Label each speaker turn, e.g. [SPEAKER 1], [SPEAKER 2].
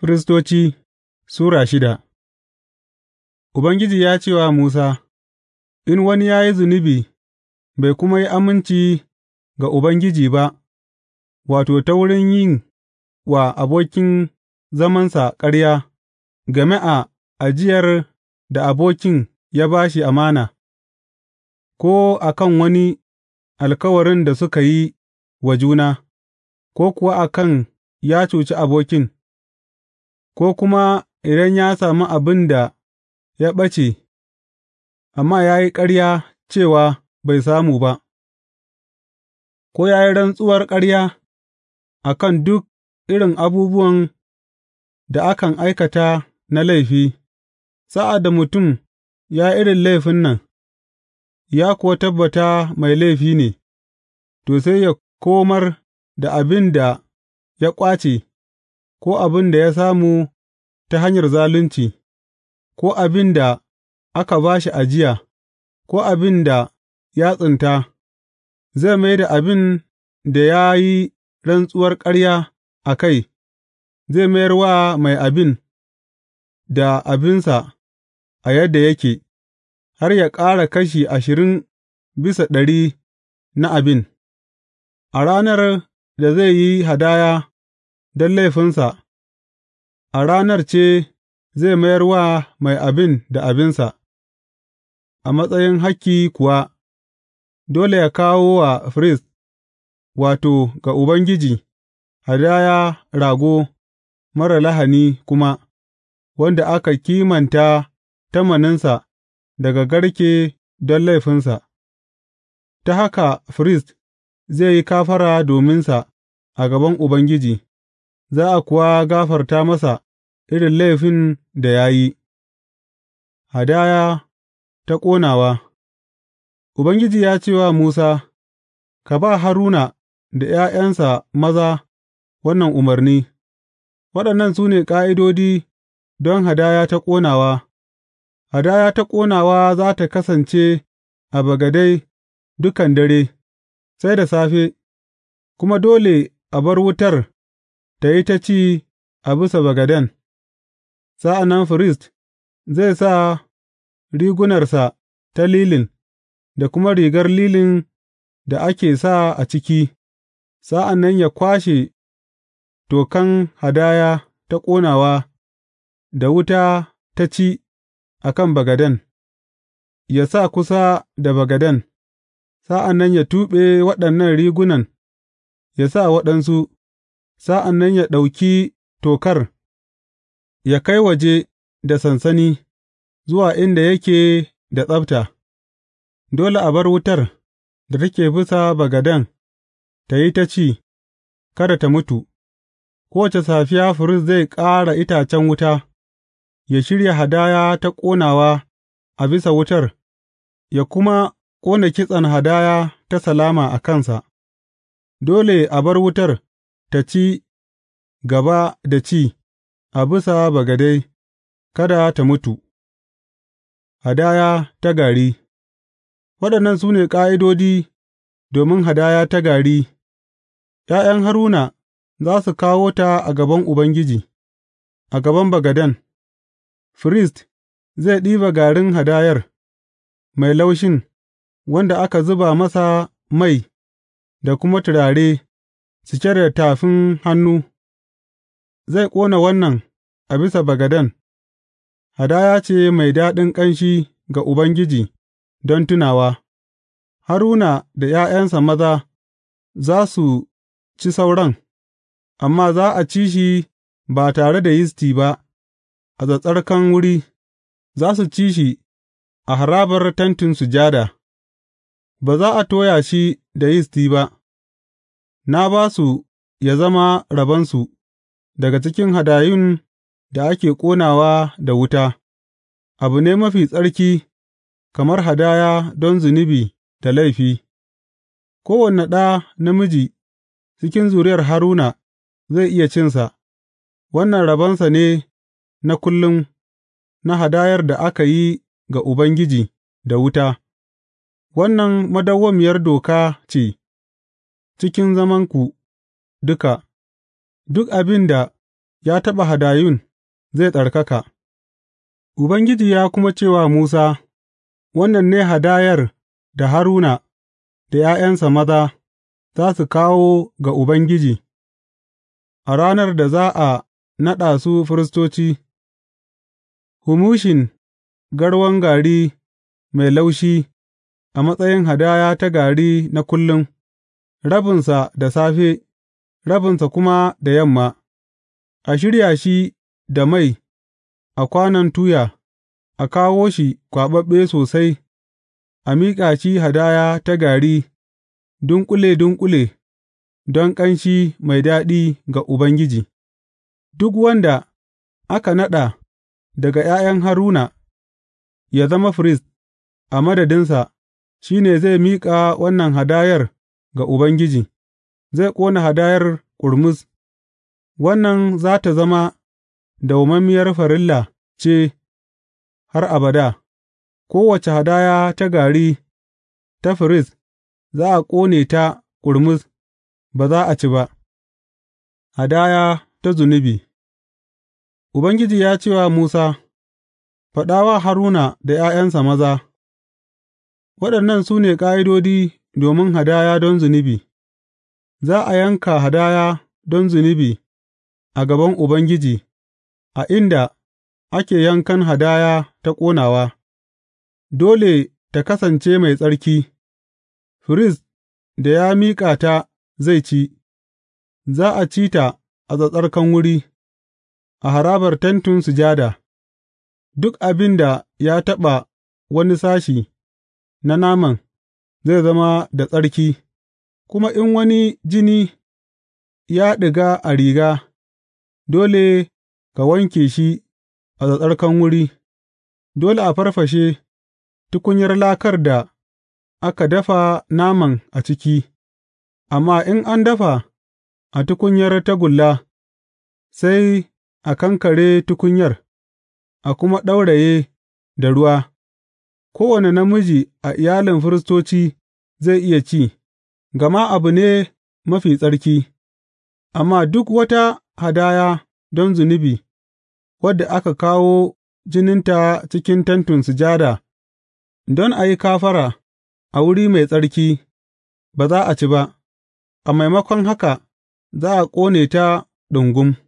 [SPEAKER 1] Firistoci Sura shida Ubangiji ya ce wa Musa, In wani ya yi zunubi bai kuma yi aminci ga Ubangiji ba, wato, ta wurin yin wa abokin zamansa ƙarya game a ajiyar da abokin ya ba shi amana, ko a kan wani alkawarin da suka yi wa juna, ko kuwa a kan ya cuci abokin. ko kuma idan ya sami abin da ya ɓace, amma ya yi ƙarya cewa bai samu ba, ko ya yi rantsuwar ƙarya a kan duk irin abubuwan da akan aikata na laifi, sa'ad da mutum ya irin laifin nan, ya kuwa tabbata mai laifi ne, to, sai ya komar da abin da ya ƙwace. ko abin da ya samu ta hanyar zalunci, ko abin da aka ba shi ajiya, ko abin da ya tsinta, zai mai da abin da ya yi rantsuwar ƙarya a kai, zai mayar wa mai abin da abinsa a yadda yake, har ya ƙara kashi ashirin bisa ɗari na abin, a ranar da zai yi hadaya. don laifinsa, a ranar ce zai mayar wa mai abin da abinsa, a matsayin hakki kuwa, dole ya kawo wa firist, wato, ga Ubangiji, hadaya rago mara lahani kuma, wanda aka kimanta tamaninsa daga garke don laifinsa, ta haka firist zai yi kafara dominsa a gaban Ubangiji. za a kuwa gafarta masa irin laifin da ya yi, hadaya ta ƙonawa Ubangiji ya ce wa Musa, Ka ba Haruna da ’ya'yansa maza wannan umarni, waɗannan su ne ƙa'idodi don hadaya ta ƙonawa, hadaya ta ƙonawa za tă kasance a bagade dukan dare, sai da safe, kuma dole a bar wutar. ta yi ta ci a bisa bagaden, sa'an nan firist zai sa rigunarsa ta lilin da kuma rigar lilin da ake sa a ciki, sa'an nan ya kwashe tokan hadaya ta ƙonawa da wuta ta ci a kan bagaden, ya sa kusa da bagaden, sa'an nan ya tuɓe waɗannan rigunan, ya sa waɗansu. sa'an nan ya ɗauki tokar ya kai waje da sansani zuwa inda yake da tsabta, dole a bar wutar da take bisa bagaden ta yi ta ci, kada ta mutu, kowace safiya firist zai ƙara itacen wuta, ya shirya hadaya ta ƙonawa a bisa wutar, ya kuma ƙona kitsen hadaya ta salama a kansa, dole a bar wutar. ta ci gaba da ci a bisa bagade, kada ta mutu, hadaya ta gari Waɗannan su ne ƙa'idodi domin hadaya ta gari, ’ya'yan Haruna za su kawo ta a gaban Ubangiji, a gaban bagaden, firist zai ɗiba garin hadayar mai laushin wanda aka zuba masa mai da kuma turare. cike da tafin hannu, zai ƙona wannan a bisa bagaden, hadaya ce mai daɗin ƙanshi ga Ubangiji don tunawa, Haruna da ’ya'yansa maza za su ci sauran, amma za a ci shi ba tare da yisti ba a tsattsarkan wuri, za su ci shi a harabar Tentin Sujada, ba za a toya shi da yisti ba. Na ba su yă zama rabonsu daga cikin hadayun da ake ƙonawa da wuta, abu ne mafi tsarki kamar hadaya don zunubi da laifi, kowane ɗa namiji cikin zuriyar Haruna zai iya cinsa, wannan rabonsa ne na kullum na hadayar da aka yi ga Ubangiji da wuta, wannan madawwamiyar doka ce. Cikin zamanku duka, duk abin da ya taɓa hadayun zai tsarkaka, Ubangiji ya kuma ce wa Musa, Wannan ne hadayar da Haruna da ’ya'yansa maza za su kawo ga Ubangiji a ranar da za a naɗa su firistoci, humushin garwan gari mai laushi a matsayin hadaya ta gari na kullum. rabinsa da safe, rabinsa kuma da yamma, a shirya shi da mai a kwanon tuya, a kawo shi kwaɓaɓɓe sosai, a miƙa shi hadaya ta gari dunƙule dunƙule don ƙanshi mai daɗi ga Ubangiji, duk wanda aka naɗa daga ’ya'yan Haruna ya zama firist a madadinsa, shi ne zai miƙa wannan hadayar. ga Ubangiji, zai ƙona hadayar ƙurmus, wannan za tă zama dawwammamiyar farilla ce har abada, kowace hadaya ta gari ta firist za a ƙone ta ƙurmus, ba za a ci ba, hadaya ta zunubi. Ubangiji ya ce wa Musa, Faɗa wa Haruna da ’ya'yansa maza, Waɗannan su ne ƙa'idodi domin hadaya don zunubi, za a yanka hadaya don zunubi a gaban Ubangiji a inda ake yankan hadaya ta ƙonawa, dole ta kasance mai tsarki, firist da ya miƙa ta zai ci, za a ci ta a tsattsarkan wuri, a harabar tentin sujada, duk abin da ya taɓa wani sashi na naman. zai zama da tsarki, kuma in wani jini ya ɗiga a riga, dole ka wanke shi a tsattsarkan wuri, dole a farfashe tukunyar lakar da aka dafa naman a ciki, amma in an dafa a tukunyar tagulla, sai a kankare tukunyar, a kuma ɗauraye da ruwa. kowane namiji a iyalin firistoci zai iya ci, gama abu ne mafi tsarki, amma duk wata hadaya don zunubi, wadda aka kawo jininta cikin Tentin Sujada, don a yi kafara a wuri mai tsarki, ba za a ci ba, a maimakon haka za a ƙone ta ɗungum.